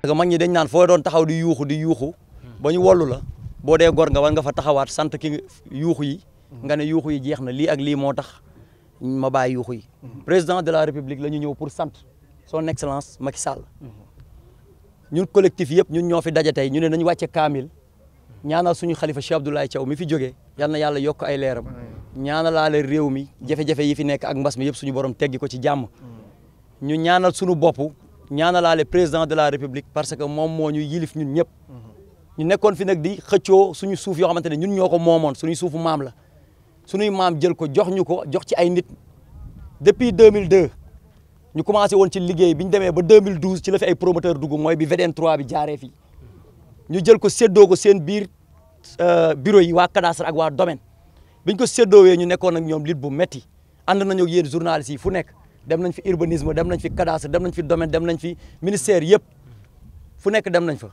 parce que mag ñi dañ naan foo doon taxaw di yuuxu di yuuxu ba ñu wollu la boo dee gor nga war nga fa taxawaat sant ki yuuxu yi nga ne yuuxu yi jeex na lii ak lii moo tax ma bàyyi yuuxu yi président de la république la ñu ñëw pour sant son excellence Macky Sall ñun collectif yëpp ñun ñoo fi daje tey ñu ne nañu wàcce kaamil ñaanal suñu xalifa Cheikh Abdoulaye Thiaw mi fi jógee yal na yàlla yokk ay leeram ñaanalaale réew mi jafe-jafe yi fi nekk ak mbas mi yëpp suñu borom teggi ko ci jàmm ñu ñaanal suñu bopp ñaanalaale président de la république parce que mom mo ñu yilif ñun ñëpp ñu nekkoon fi nak di xëccio suñu suuf yo xamante ñun ñoko ko suñu suñuy suufu maam la suñu mam jël ko jox ñuko jox ci ay nit depuis 2002 ñu commencé won ci liggéey bi démé ba 2012 ci la fi ay promoteur dugg moy bi VDN 3 bi jaaree fi ñu jël ko séddoo ko seen biir euh, bureau yi wa cadastre ak wa domaine biñ ko séddoowee ñu nekkoon ak ñom lit bu metti and nañu ak yéen journalistes yi fu nekk dem nañ fi urbanisme dem nañ fi cadastre dem nañ fi domaine dem nañ fi ministère yep, fu nekk dem nañ fa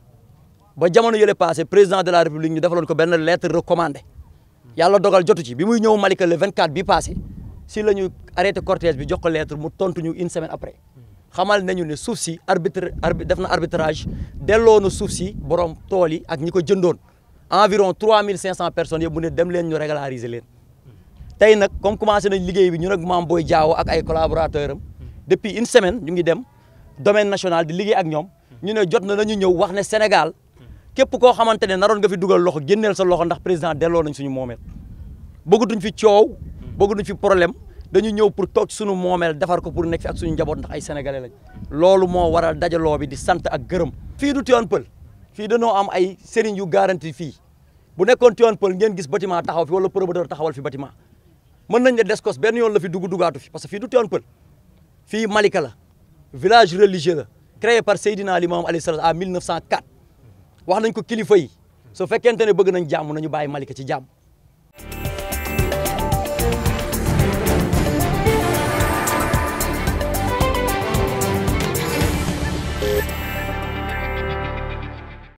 ba jamono yële passé président de la république ñu defaloon ko benn lettre recommandée yàlla dogal jotu ci bi muy ñëw Malika le 24 bi passé si la ñu arrêté cortège bi jox ko lettre mu tontu ñu une semaine après xamal nañu ne suuf si arbitre def na arbitrage delloo na suuf si borom tool yi ak ñi ko jëndoon environ 3500 personnes yëpp mu ne dem leen ñu régulariser leen. tey nag comme commencé nañ liggéey bi ñu ak Mame Boye Diao ak ay collaborateur hmm. depuis une semaine ñu ngi dem domaine national di liggéey ak ñoom hmm. ñu ne jot na nañu ñëw wax ne Sénégal képp koo xamante ne naroon nga fi dugal loxo génneel sa loxo ndax président delloo nañ suñu moomeel bëggatuñ fi coow hmm. bëggatuñ fi problème dañu ñëw pour toog suñu moomeel defar ko pour nekk fi ak suñu njaboot ndax ay sénégalais lañ loolu moo waral dajaloo bi di sant ak gërëm fii du Tivaouane Peulh fii dañoo am ay sëriñ yu garanti fii bu nekkoon Tivaouane Peulh ngeen gis bâtiment taxaw fi wala promoteur taxawal fi bâtiment mën nañ ne Descos benn yoon la fi dugg duggaatu fi parce que fii du Tivaouane Peulh fii Malika la village religieux la créé par Seydina Limam ali salaam à 1904 wax nañ ko kilifa yi su fekkente ne bëgg nañ jàmm nañu bàyyi Malika ci jàmm